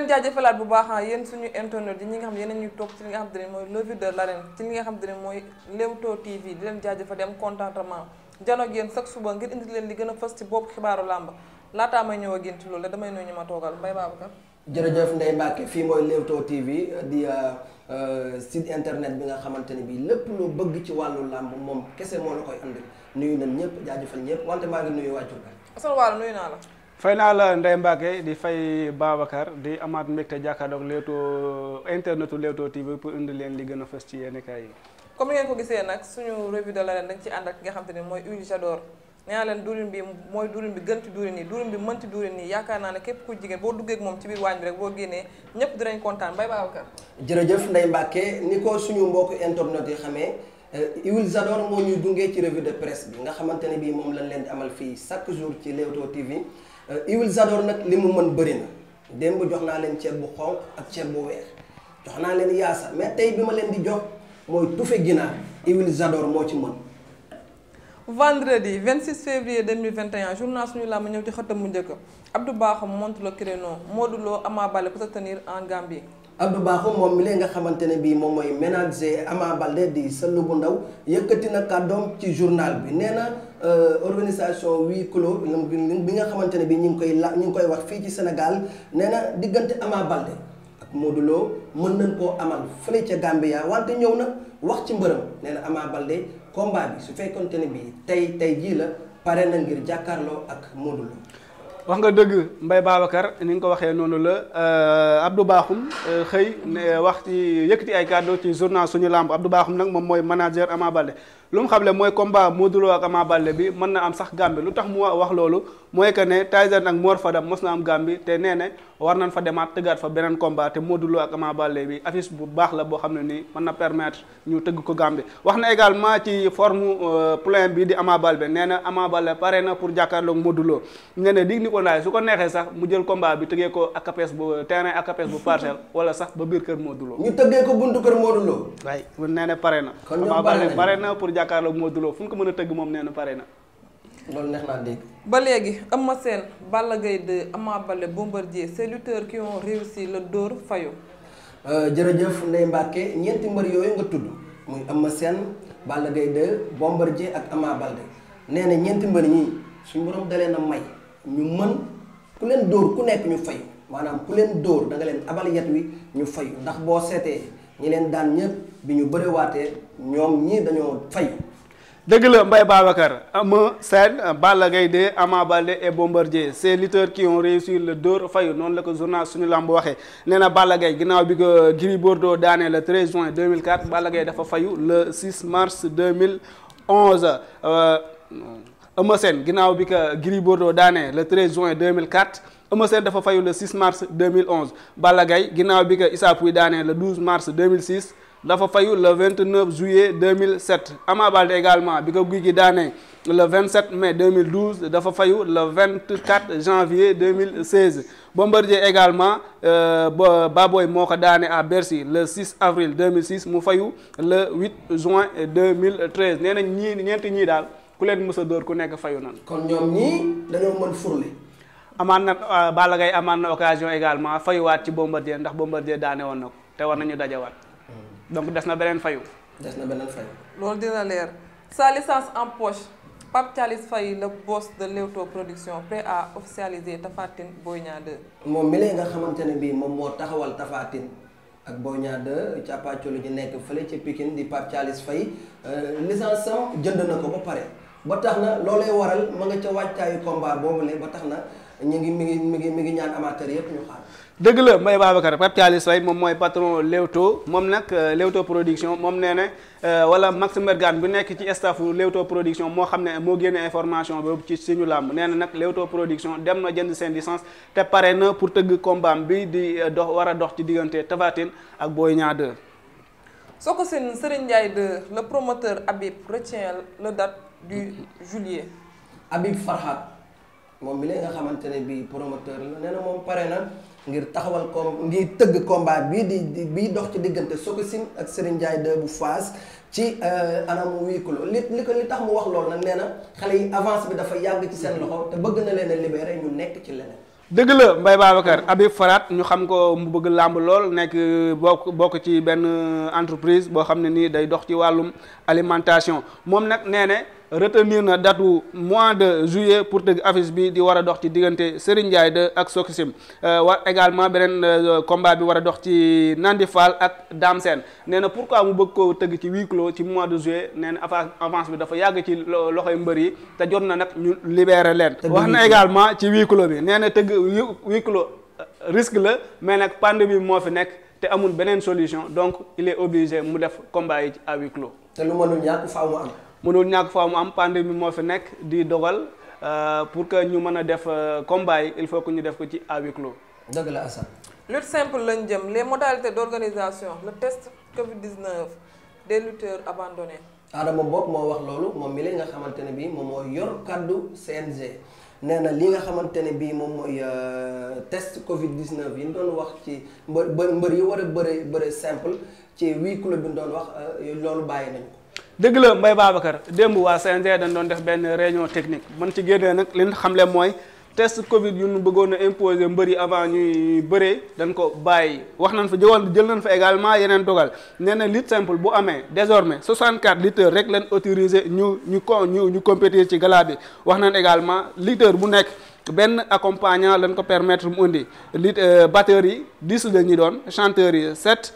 leen jaajëfalaat bu baax ah, a ñuy toog ci li nga xam te ne mooy levée de l'arène ci li leen di am contentement jano ak yéen chaque suba ngir indi leen li gën a fës ci bopp xibaaru làmb laataa may ñëw loolu damay nuyu ñu ma toogal Mbaye Babacar. jërëjëf Ndeye Mbacke fii mooy Leewtoo TV di euh, euh, site internet bi nga xamante ne bii lépp loo bëgg ci wàllu làmb moom kese moo la koy andil nuyu nañ ñëpp jaajëfal ñëpp wante maa ngi nuyu wàccu. asalaamaaleykum nuyu naa la. fay naa la Ndeye Mbacke di fay Babacar di amaat mbégte jàkkaarloog Leewtoo internetu Leewtoo TV pour indi leen li gën a fës ci yenn kaay yi. comme ni ngeen ko gisee nag suñu revue de l'arène dañ ci ànd ak nga xam te ne mooy huile j'adore nee leen duurin bi mooy duurin bi gën ci duurin yi duurin bi mën ci duurin yi yaakaar naa ne képp ku jigéen boo duggee ak moom ci biir waañ bi rek boo génnee ñëpp dinañ kontaan bay Babacar. jërëjëf ni ko suñu mbokk internet yi xamee. Huile eh, j'adore moo ñuy dungee ci revue de presse nga xamante ne bii moom lañ leen di amal fii chaque jour ci Leewtoo TV huile euh, Zador nag li mu mën bëri na démb jox naa leen ceeb bu xonq ak ceeb bu weex jox naa leen yaasa mais tey bi ma leen di jox mooy tufe ginaar huile Zador moo ci mën. vendredi 26 février 2021 journal suñu làmb ñëw ci xëtam mu njëkk Abdou Bakhoum monte le créneau Modou Lo Ama Baldé pour se tenir en Gambie. Abdou Bakhoum moom mi lee nga xamante ne bii moom mooy ménager Ama Baldé di sëllu bu ndaw yëkkati na kàddoom ci journal bi nee Euh, organisation huis clos bi nga xamante ne bi ñu ngi koy la ñu ngi koy wax fii ci Sénégal nee na diggante Ama Baldé ak Modou mën nañ koo amal fële ca Gambia wante ñëw na wax ci mbërëm nee na Ama Baldé combat bi su fekkonte ne bi tey tey jii la pare na ngir jàkkaarloo ak Modou wax nga dëgg mbay Babacar ni nga ko waxee noonu la euh, Abdou Bakhoum euh, xëy ne wax ci yëkkati ay kàddu ci journal suñu làmb Abdou Bakhoum nag moom mooy manager Ama Baldé lu mu xamle mooy combat Modou Lo ak Ama Baldé bi mën na am sax Gambie lu tax mu wax loolu mooy que ne Tyson ak fa Fadam mos na am Gàmbi te nee na war nañ fa demaat tëggaat fa beneen combat te Modou Lo ak Ama bi affiche bu baax la boo xam ne ni mën na permettre ñu tëgg ko Gàmbi wax na également ci forme euh, plein bi di Ama Baldé nee na Ama pare na pour jàkkaarloog Modou Lo nee na dig ni ko ndaay su ko neexee sax mu jël combat bi tëggee ko akapes bu terrain akapes bu parcelle wala sax ba biir kër Modou Lo ñu tëggee ko buntu kër Modou Lo waay nee na pare na Ama Baldé pare na pour jàkkaarloog Modou fu ñu ko mën a tëgg moom nee na pare na loolu neex naa dégg. ba léegi Eumeu Sène Balla Gaye 2 Ama Baldé Bombardier ces lutteurs qui ont réussi la dóor fayu. Euh, jërëjëf Ndeye Mbacke ñeenti mbër yooyu nga tudd muy Eumeu Sène Balla Gaye 2 Bombardier ak Ama Baldé nee na ñeenti mbër ñii suñu borom da leen a may ñu mën ku leen dóor ku nekk ñu fayu maanaam ku leen dóor da leen abal yet wi ñu fayu ndax boo seetee ñi leen daan ñëpp bi ñu bëriwaatee ñoom ñii dañoo fayu. dëgg la Mbaye Babacar Eumeu Sène Balla Gaye 2 Ama Baldé et Bombardier ces lutteurs qui ont réussi le dóor fayu noonu la ko journal suñu lamb waxee nee na Balla Gaye ginnaaw bi ko Gris Bordeaux daanee le 13 juin 2004 Balla Gaye dafa fayu le 6 mars 2011 euh, Eumeu Sène ginnaaw bi ko Gris Bordeaux daanee le 13 juin 2004 Eumeu Sène dafa fayu le 6 mars 2011 Balla Gaye ginnaaw bi ko Issa Pouye daanee le mars dafa fayu le 29 juillet 2007 Ama Baldé également bi ko guy gi daanee le 27 mai 2012 dafa fayu le 24 janvier 2016 Bombardier également euh, ba Baboy moo ko daane à Bercy le 6 avril 2006 mu fayu le 8 juin 2013 nee nañ ñii ñeenti ñii daal ku leen mës a dóor ku nekk fayu nan kon ñoom ñii dañoo mën furle. amaan na euh, Balla Gaye amaan na occasion également fayuwaat ci Bombardier ndax Bombardier daane woon na ko te war nañu dajawaat. donc des na beneen fayu. des na beneen fayu. loolu dina leer sa licence en poche Pape Thialis Faye le boss de Leewtoo production prêt à officialiser Tapha Tine Boy Niang moom mi lay nga xamante ne bii moom moo taxawal tafaatin ak ak Boy Niang 2 càppaacolu ji nekk fële ci Pikine di Pape Thialis Faye euh, licence jënd na ko ba pare ba tax na loolay waral ma nga ca wàccaayu combat boobule ba tax na. ñu ngi mi ngi mi ngi mi ngi ñaan amateur yëpp ñu xaar. dëgg la Mbaye Babacar Pape Thialis Faye moom mooy patron Leewtoo moom nag euh, Leewtoo production moom nee na euh, wala Max Mbergane bu nekk ci staffu Leewtoo production moo xam ne moo génne information boobu ci suñu làmb nee na nag Leewtoo production dem na jënd seen licence te pare na pour tëgg combat bi di euh, dox war a dox ci diggante Tapha Tine ak Boy Niang 2. soo ko seen Serigne Ndiaye 2 le promoteur Habib retient la date du juillet. Habib Farhat. moom mi lee nga xamante ne bii promoteur la nee na moom pare na ngir taxawal ko ngir tëgg combat bii di bii dox ci diggante Sokocim ak Serigne Ndiaye 2 bu Fass ci euh, anamu wiikuloo li li ko li tax mu wax loolu nag nee na xale yi avance bi dafa yàgg ci seen loxo te bëgg na leen a libéré mu nekk ci leneen. dëgg la Mbaye Babacar Habib faraat ñu xam ko mu bëgg làmb lool nekk bokk bokk ci benn euh, entreprise boo xam ne nii day dox ci wàllum alimentation moom nag nee retenir na datu mois de juillet pour tëgg affiche bi di war a dox ci diggante Serigne Ndiaye de ak Sokisim euh, war également beneen euh, combat bi war a dox ci Nandi Fall ak Dame Sène nee na pourquoi mu bëgg koo tëgg ci huis clos ci mois de juillet nee na avance bi dafa yàgg ci loxoy mbër yi te jot na nag ñu libeere leen. wax na également ci huis clos bi nee na tëgg huis clos euh, risque la mais nag pandémie moo fi nekk te amul beneen solution donc il est obligé mu def combat yi à huis clos. te lu mënul am. mënul ñàkk fois mu am pandémie moo fi nekk di dogal euh, pour que ñu mën a def euh, combat yi il faut que ñu def ko ci à huis clos. dëgg la Assane. lutte simple lañ jëm les modalités d'organisation le test Covid-19 des lutteurs abandonnés. Adama Bopp moo wax loolu moom mi la nga xamante ne bii moom mooy yor kàddu CNG. nee na li nga xamante ne bii moom mooy euh, test Covid 19 yi ñu doon wax ci mbë mbër yi war a bëre bëre simple ci huis clos bi ñu doon wax loolu bàyyi nañ ko. dëgg la Mbaye Babacar démb waa CNG dañ doon def benn réunion technique man ci génnee nag li ñu xamle mooy test Covid yu nu bëggoon a imposer mbëri avant ñuy bëree dañ ko bàyyi wax nañ fa jëwoon jël nañ fa également yeneen dogal nee na lutte simple bu amee désormais 64 lutteurs rek lañ autorisé ñu ñu ko ñu ñu compétir ci gala bi wax nañ également lutteur bu nekk. benn accompagnant lañ ko permettre mu indi lutte euh, batteurs yi 10 la ñuy doon chanteurs yi 7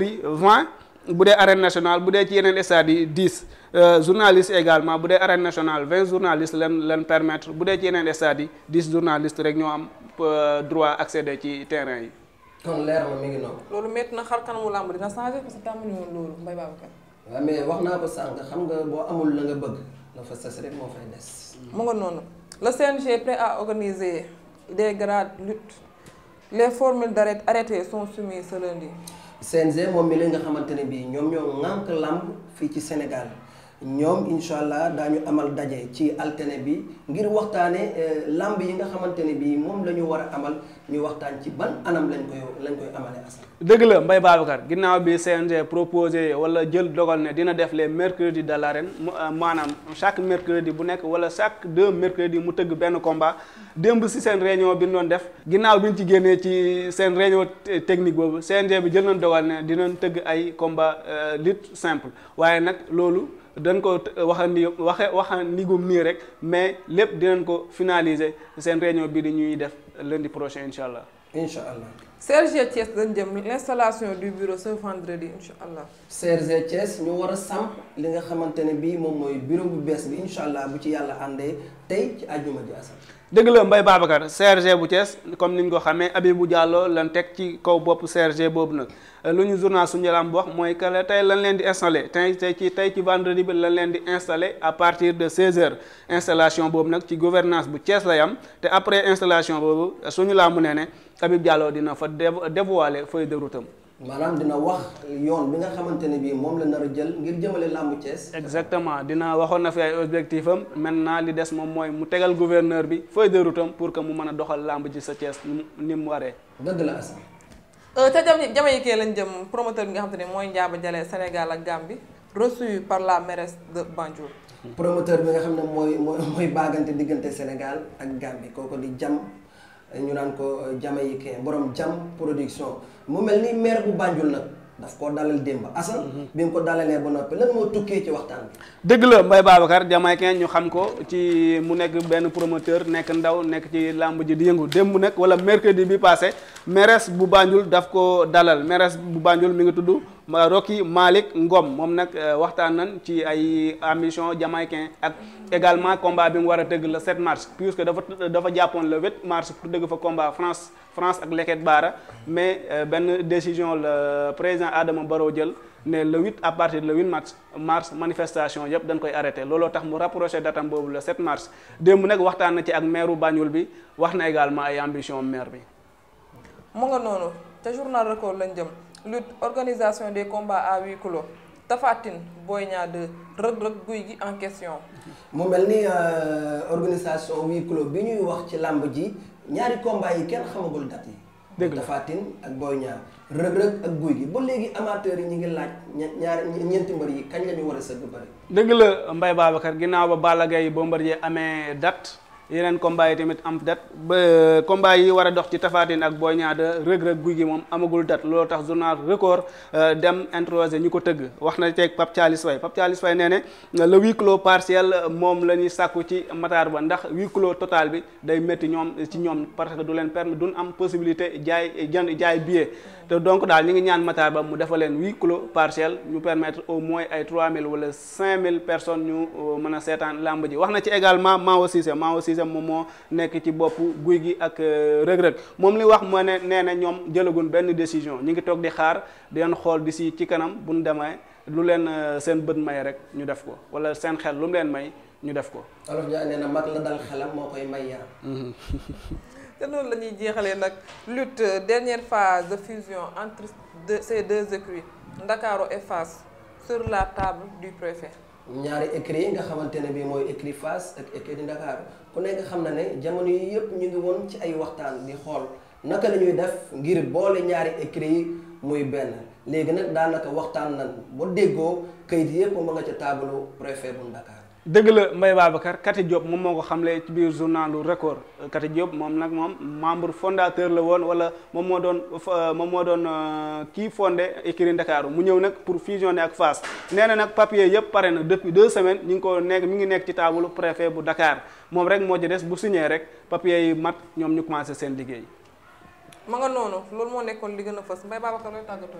yi 20. bu dee arène nationale bu dee ci yeneen stade yi dix euh, journalistes également bu dee arène nationale vingt journalistes lan lan permettre bu dee ci yeneen stade yi dix journalistes rek ñoo am euh, droit accéder ci terrain yi. kon leer na mi ngi noonu. loolu métti na xar kanamu làmb dina changé mais wax naa ko sànq xam nga boo amul la nga bëgg la fa sës rek moo fay le CNG est prêt à organiser des grades les formules d'arrêt arrêtées sont soumises ce CNG moom mi la nga xamante ne bii ñoom ñoo ŋànk làmb fii ci Sénégal ñoom incha allah daañu amal daje ci altine bi ngir waxtaanee eh, làmb yi nga xamante ne bii moom la ñu war a amal ñu waxtaan ci ban anam lañ koy lañ koy amalee askan. dëgg la Mbaye Babacar ginnaaw bi CNG proposé wala jël dogal ne dina def les mercredis de l'arène euh, maanaam chaque mercredi bu nekk wala chaque deux mercredis mu tëgg benn combat démb si seen réunion bi ñu doon def ginnaaw bi ñu ci génnee ci seen réunion technique boobu CNG bi jël nañ dogal ne dinañ tëgg ay combat euh, lutte waaye nag loolu. dañ ko wax waxa ni waxe waxa nigum nii rek mais lépp dinañ ko finaliser seen réunion bi di ñuy def lundi prochain incha allah. incha allah. CRG Thiès dañ jëm l'installation du bureau ce vendredi incha allah. CRG Thiès ñu war a samp li nga xamante ne bii moom mooy bureau bu bees bi incha allah bu ci yàlla àndee tey ci àjjuma ji asal dëgg la Mbaye Babacar CRG bu Thiès comme niñ ko xamee bu Diallo lan teg ci kaw bopp CRG boobu nag lu ñu journal suñu lam wax mooy que tey lan leen di installé tey tey ci tey ci vendredi bi lan leen di installé à partir de 16h installation boobu nag ci gouvernance bu cees lay am te après installation boobu suñu mu nee ne Abib Diallo dina fa dévoiler feuille de route am maanaam dina wax yoon bi nga xamante ne bii moom la nar jël ngir jëmale làmb Thiès. exactement dina waxoon na fi ay objectif am maintenant li des moom mooy mu tegal gouverneur bi feuille de pour que mu mën a doxal làmb ji sa Thiès ni mu waree. dëgg la Assane. Euh, te jam Jamaïcain lañ jëm promoteur bi nga xam ne mooy Ndiaba jalee Sénégal ak Gambie reçu par la mairesse de Banjul. promoteur bi nga xam ne mooy mooy mooy baagante diggante Sénégal ak Gambie kooku di jam. ñu naan ko jama euh, jamaïcain borom jam production mu mel ni maire bu Banjul nag daf koo dalal démb Assane mhm. bi nga ko dalalee ba noppi lan moo tukkee ci waxtaan bi dëgg la Mbaye Babacar jamaïcain ñu xam ko ci mu nekk benn promoteur nekk ndaw nekk ci làmb ji di yëngu démb nekk wala mercredi bi passé mairesse bu Banjul daf ko dalal mairesse bu Banjul mi ngi tudd Rocky Malick Ngom moom nag euh, waxtaan nan ci ay euh, ambition jamaïcain ak également combat bi mu war a tëgg la 7 mars puisque dafa dafa jàppoon le 8 mars pour tëgg fa combat France France ak Leket Baara mais euh, benn décision le président Adama Barrow jël ne le 8 à partir le 8 mars mars manifestation yëpp dañ koy arrêté looloo tax mu rapproché datam boobu le 7 mars démb nag waxtaan na ci ak maire Banjul bi wax na également ay ambition maire bi. mu nga noonu te journal record lañ jëm. lutte organisation des combats à huis clos Tapha Tine Boy Niang 2 Reug Reug Gouye en question. mu mel ni euh, organisation huis clos bi ñuy wax ci làmb ji ñaari combat yi kenn xamagul date yi. dëgg la Tapha ak Boy Niang Reug Reug ak Gouye gi ba léegi amateurs yi ñu ngi laaj ñaar ñeenti mbër yi kañ la ñu war a sëgg bëri. dëgg la Mbaye Babacar ginnaaw ba Balla Gaye Bombardier amee date. yeneen combat yi tamit am date euh, combat yi war a dox ci Tafatine ak Boy Niang de rëg-rëg guy gi moom amagul date looloo tax journal record euh, dem introsé ñu ko tëgg wax na teeg Pape Thialis Faye Pape nee ne le huis clos partiel moom la ñuy sàkku ci Matar Ba ndax huis clos total bi day métti ñoom ci ñoom parce que du leen permettre duñ am possibilité jaay jënd jaay billet te donc daal ñu ngi ñaan Matar Ba mu defal leen huis clos partiel ñu permettre au moins ay 3000 wala 5000 personnes ñu euh, mën seetaan lamb ji wax na ci également Mao Cissé entreprise am moom moo nekk ci bopp guy gi ak euh, rëg-rëg moom li wax moo ne nee na ñoom jëlagun benn décision ñu ngi toog di xaar di xool di si ci kanam bu ñu demee lu leen euh, seen bët may rek ñu def ko wala seen xel lu mu leen may ñu def ko. olof Ndiaye nee na mag la dal xelam moo koy may yaram. Mhm. te loolu lañuy ñuy jeexalee nag lutte euh, dernière phase de fusion entre deux ces deux écuries Ndakaaru et Fass sur la table du préfet. ñaari écuries yi nga xamante ne bii mooy écurie Fass ak écurie Ndakaaru ku nekk xam na ne jamono yi yëpp ñu ngi woon ci ay waxtaan di xool naka la ñuy def ngir boole ñaari écuries yi muy benn léegi nag daanaka waxtaan nan ba déggoo kayit yëpp ma nga ca taabalu préfet bu Ndakaar dëgg la Mbaye Babacar Kati Diop moom moo ko xamle ci biir journalu record euh, Kati Diop moom nag moom membre fondateur la woon wala moom moo doon euh, moom moo doon euh, kii fonde écurie Ndakaaru mu ñëw nag pour fusionner ak Fass nee na nag papier yëpp pare na depuis deux semaines ñu ngi ko nekk mi ngi nekk ci taabalu préfet bu Dakar moom rek moo ci des bu signé rek papier yi mat ñoom ñu commencé seen liggéey. ma nga noonu loolu moo nekkoon li gën a fës Mbaye Babacar looy tàggatoo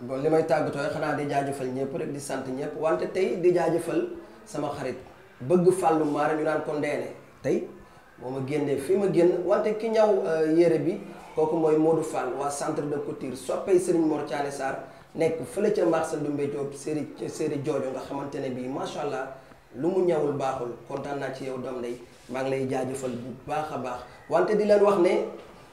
bon li jaajëfal ñëpp di sant ñëpp wante tey di jaajëfal. sama xarit bëgg fàllu maara ñu naan ko ndeene tey moo ma génnee fii ma génn wante ki ñaw euh, yére bi kooku mooy Modou Fall waa centre de couture soppey Serigne Mor Thiané Sarr nekk fële ca Marcel Dumbe Diop série série joojo nga xamante ne bii macha allah lu mu ñawul baaxul kontaan naa ci yow doom ndey maa ngi lay jaajëfal bu baax a baax wante di leen wax ne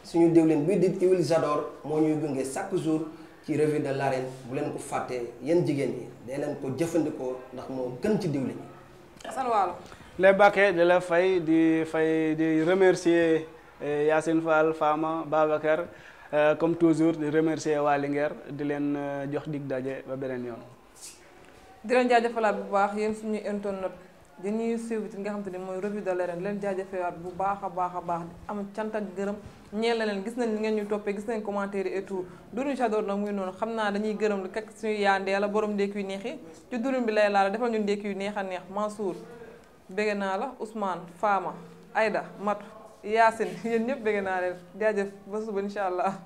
suñu diwlin bii di huile J'adore moo ñuy gunge chaque jour. ci revue de l'arène bu leen ko fàttee yéen jigéen ñi day leen ko jëfandikoo ndax moo gën ci diwli ñi Assane Waalo les Bakke di la fay di fay di remercier eh, Yacine Fall Fama Babacar eh, comme toujours di remercier waa di leen eh, jox dig daje ba beneen yoon di leen jaajëfalaat bu baax yéen suñuy internet di ñuy suivre ci nga xam te ni mooy revue de l'arène leen jaajëfewaat bu baax a baax a baax am cant gërëm ñeel la leen gis nañ ni ngeen ñu toppee gis nañ commentaire yi et tout duruñ Jador nag muy noonu xam naa dañuy gërëm lu kak suñu yaandee la borom ndékk yu neex yi ci duruñ bi lay laal defal ñu ndékk yu neex a neex Mansour bëgg naa la Ousmane faama ayda Matu Yacine yéen ñëpp bëgg naa leen jaajëf ba suba incha allah